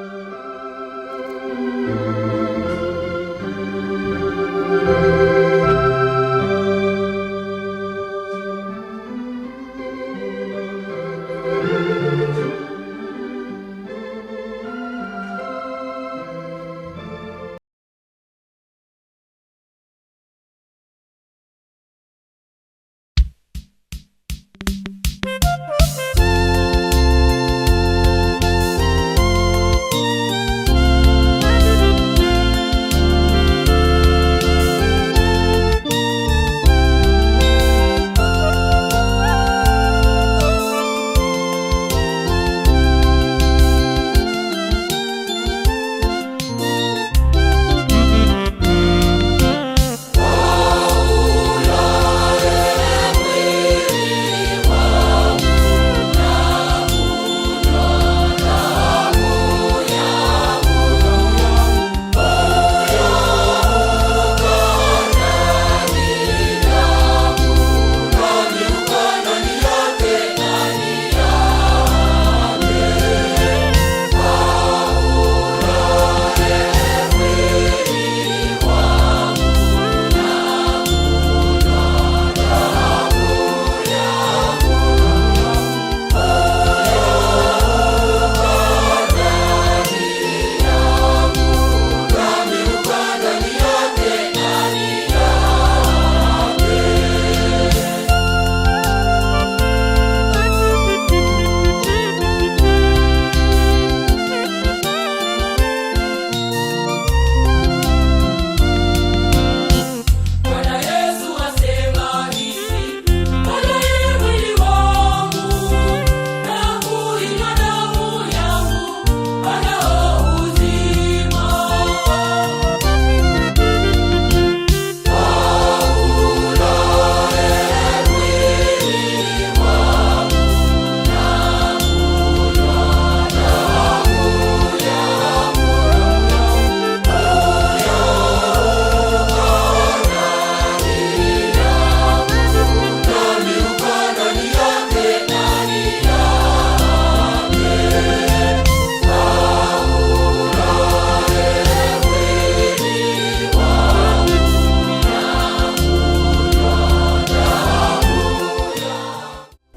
Thank you.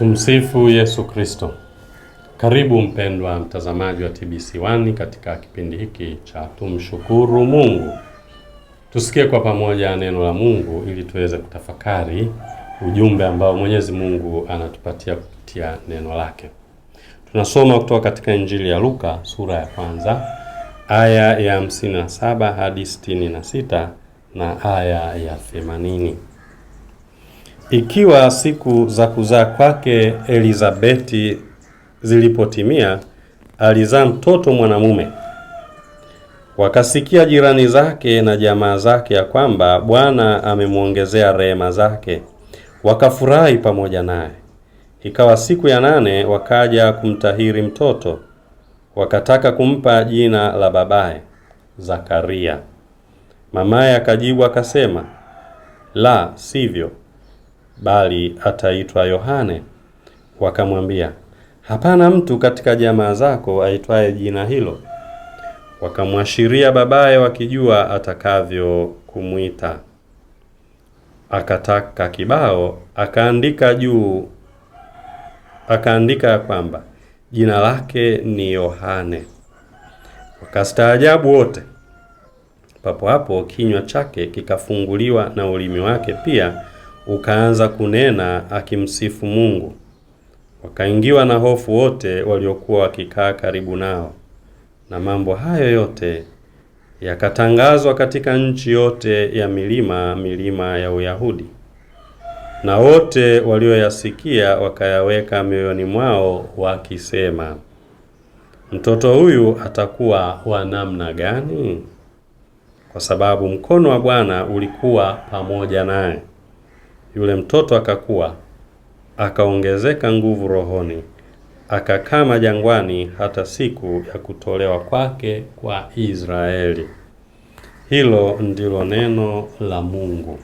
Tumsifu Yesu Kristo. Karibu mpendwa mtazamaji wa TBC1 katika kipindi hiki cha tumshukuru Mungu. Tusikie kwa pamoja neno la Mungu ili tuweze kutafakari ujumbe ambao Mwenyezi Mungu anatupatia kupitia neno lake. Tunasoma kutoka katika Injili ya Luka sura ya kwanza aya ya 57 hadi 66 na aya ya 80. Ikiwa siku za kuzaa kwake Elizabeti zilipotimia, alizaa mtoto mwanamume. Wakasikia jirani zake na jamaa zake ya kwamba Bwana amemwongezea rehema zake, wakafurahi pamoja naye. Ikawa siku ya nane, wakaja kumtahiri mtoto, wakataka kumpa jina la babaye Zakaria. Mamaye akajibu akasema, la sivyo bali ataitwa Yohane. Wakamwambia, hapana mtu katika jamaa zako aitwaye jina hilo. Wakamwashiria babaye, wakijua atakavyo kumwita. Akataka kibao, akaandika juu, akaandika kwamba jina lake ni Yohane. Wakastaajabu wote. Papo hapo kinywa chake kikafunguliwa na ulimi wake pia ukaanza kunena akimsifu Mungu. Wakaingiwa na hofu wote waliokuwa wakikaa karibu nao, na mambo hayo yote yakatangazwa katika nchi yote ya milima milima ya Uyahudi, na wote walioyasikia wakayaweka mioyoni mwao, wakisema, mtoto huyu atakuwa wa namna gani? Kwa sababu mkono wa Bwana ulikuwa pamoja naye. Yule mtoto akakuwa, akaongezeka nguvu rohoni, akakama jangwani hata siku ya kutolewa kwake kwa Israeli. Hilo ndilo neno la Mungu.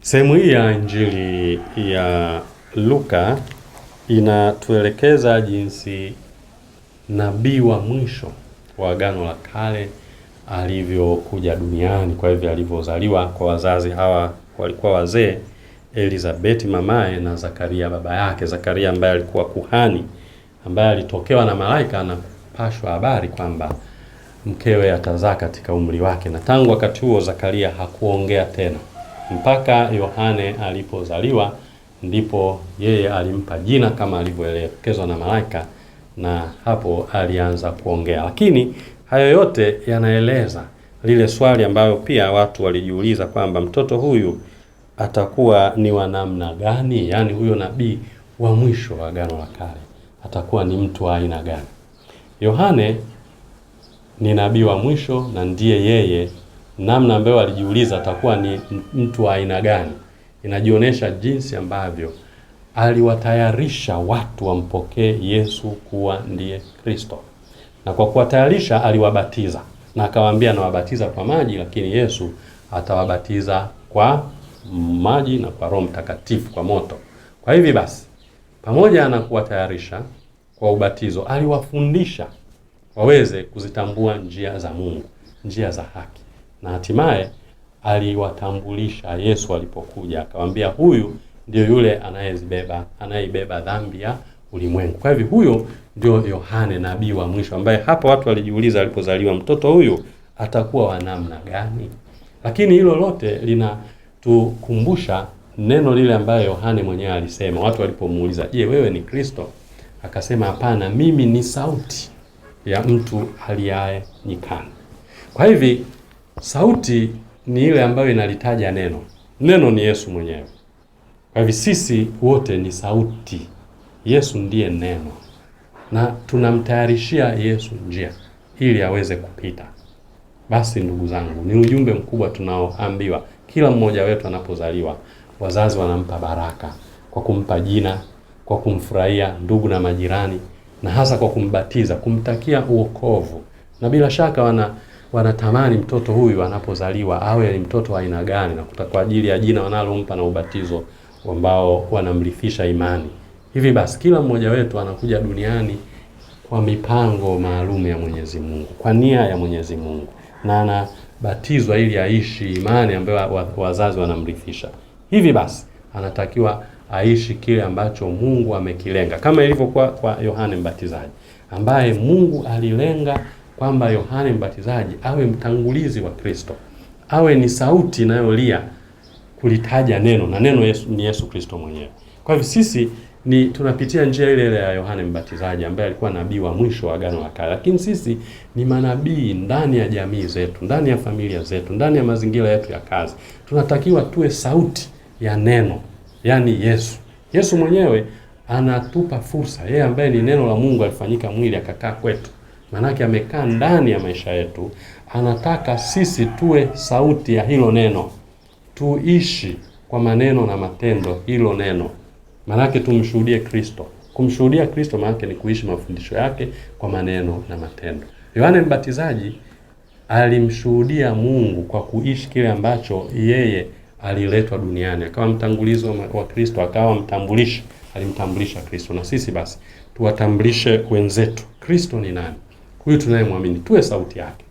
Sehemu hii ya Injili ya Luka inatuelekeza jinsi nabii wa mwisho wa Agano la Kale alivyokuja duniani, kwa hivyo alivyozaliwa kwa wazazi hawa walikuwa wazee, Elizabeth mamaye na Zakaria baba yake. Zakaria ambaye alikuwa kuhani, ambaye alitokewa na malaika na kupashwa habari kwamba mkewe atazaa katika umri wake, na tangu wakati huo Zakaria hakuongea tena mpaka Yohane alipozaliwa, ndipo yeye alimpa jina kama alivyoelekezwa na malaika, na hapo alianza kuongea, lakini Hayo yote yanaeleza lile swali ambayo pia watu walijiuliza kwamba mtoto huyu atakuwa ni wa namna gani, yaani huyo nabii wa mwisho wa Agano la Kale atakuwa ni mtu wa aina gani? Yohane ni nabii wa mwisho na ndiye yeye, namna ambayo alijiuliza atakuwa ni mtu wa aina gani, inajionyesha jinsi ambavyo aliwatayarisha watu wampokee Yesu kuwa ndiye Kristo na kwa kuwatayarisha aliwabatiza na akawaambia, nawabatiza kwa maji, lakini Yesu atawabatiza kwa maji na kwa Roho Mtakatifu, kwa moto. Kwa hivi basi, pamoja na kuwatayarisha kwa ubatizo, aliwafundisha waweze kuzitambua njia za Mungu, njia za haki, na hatimaye aliwatambulisha Yesu alipokuja, akawaambia huyu ndio yule anayezibeba anayeibeba dhambi ya ulimwengu. Kwa hivyo huyo ndio Yohane nabii wa mwisho, ambaye hapa watu walijiuliza alipozaliwa mtoto huyu atakuwa wa namna gani? Lakini hilo lote linatukumbusha neno lile ambayo Yohane mwenyewe alisema watu walipomuuliza, je, wewe ni Kristo? Akasema, hapana, mimi ni sauti ya mtu aliaye nyikani. Kwa hivi sauti ni ile ambayo inalitaja neno, neno ni Yesu mwenyewe. Kwa hivi sisi wote ni sauti, Yesu ndiye neno na tunamtayarishia Yesu njia ili aweze kupita. Basi ndugu zangu, ni ujumbe mkubwa tunaoambiwa kila mmoja wetu anapozaliwa. Wazazi wanampa baraka kwa kumpa jina, kwa kumfurahia ndugu na majirani, na hasa kwa kumbatiza, kumtakia uokovu, na bila shaka wana wanatamani mtoto huyu anapozaliwa awe ni mtoto wa aina gani, na kwa ajili ya jina wanalompa na ubatizo ambao wanamrithisha imani. Hivi basi kila mmoja wetu anakuja duniani kwa mipango maalum ya Mwenyezi Mungu, kwa nia ya Mwenyezi Mungu, na anabatizwa ili aishi imani ambayo wazazi wanamrithisha. Hivi basi anatakiwa aishi kile ambacho Mungu amekilenga, kama ilivyokuwa kwa Yohane Mbatizaji ambaye Mungu alilenga kwamba Yohane Mbatizaji awe mtangulizi wa Kristo, awe ni sauti inayolia kulitaja neno na neno Yesu, ni Yesu Kristo mwenyewe. Kwa hivyo sisi ni tunapitia njia ile ile ya Yohane Mbatizaji ambaye alikuwa nabii wa mwisho wa Agano la Kale, lakini sisi ni manabii ndani ya jamii zetu, ndani ya familia zetu, ndani ya mazingira yetu ya kazi. Tunatakiwa tuwe sauti ya neno, yani Yesu. Yesu mwenyewe anatupa fursa, yeye ambaye ni neno la Mungu alifanyika mwili akakaa kwetu, maanake amekaa ndani ya maisha yetu. Anataka sisi tuwe sauti ya hilo neno, tuishi kwa maneno na matendo hilo neno. Maanake tumshuhudie Kristo. Kumshuhudia Kristo maanake ni kuishi mafundisho yake kwa maneno na matendo. Yohane Mbatizaji alimshuhudia Mungu kwa kuishi kile ambacho yeye aliletwa duniani, akawa mtangulizo wa Kristo, akawa mtambulishi, alimtambulisha Kristo. Na sisi basi tuwatambulishe wenzetu Kristo ni nani, huyu tunayemwamini, tuwe sauti yake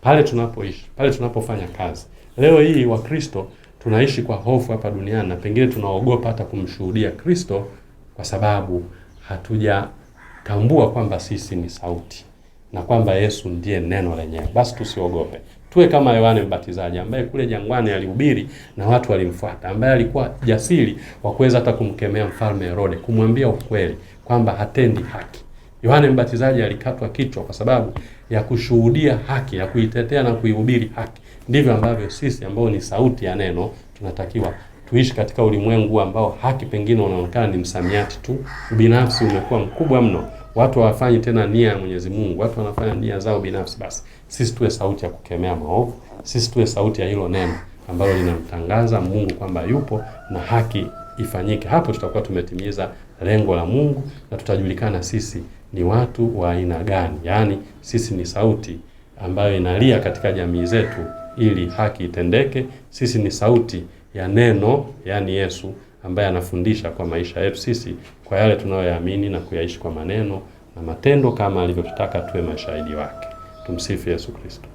pale tunapoishi, pale tunapofanya kazi. Leo hii Wakristo tunaishi kwa hofu hapa duniani na pengine tunaogopa hata kumshuhudia Kristo kwa sababu hatujatambua kwamba sisi ni sauti na kwamba Yesu ndiye neno lenyewe. Basi tusiogope, tuwe kama Yohane Mbatizaji ambaye kule jangwani alihubiri na watu walimfuata, ambaye alikuwa jasiri wa kuweza hata kumkemea mfalme Herode, kumwambia ukweli kwamba hatendi haki. Yohane Mbatizaji alikatwa kichwa kwa sababu ya kushuhudia haki, ya kuitetea na kuihubiri haki. Ndivyo ambavyo sisi ambao ni sauti ya neno tunatakiwa tuishi katika ulimwengu ambao haki pengine unaonekana ni msamiati tu, ubinafsi umekuwa mkubwa mno, watu hawafanyi tena nia ya Mwenyezi Mungu, watu wanafanya nia zao binafsi. Basi sisi tuwe sauti ya kukemea maovu, sisi tuwe sauti ya hilo neno ambalo linamtangaza Mungu kwamba yupo na haki ifanyike. Hapo tutakuwa tumetimiza lengo la Mungu na tutajulikana sisi ni watu wa aina gani, yaani sisi ni sauti ambayo inalia katika jamii zetu ili haki itendeke. Sisi ni sauti ya neno, yaani Yesu ambaye anafundisha kwa maisha yetu sisi, kwa yale tunayoyaamini na kuyaishi kwa maneno na matendo, kama alivyotutaka tuwe mashahidi wake. Tumsifu Yesu Kristo.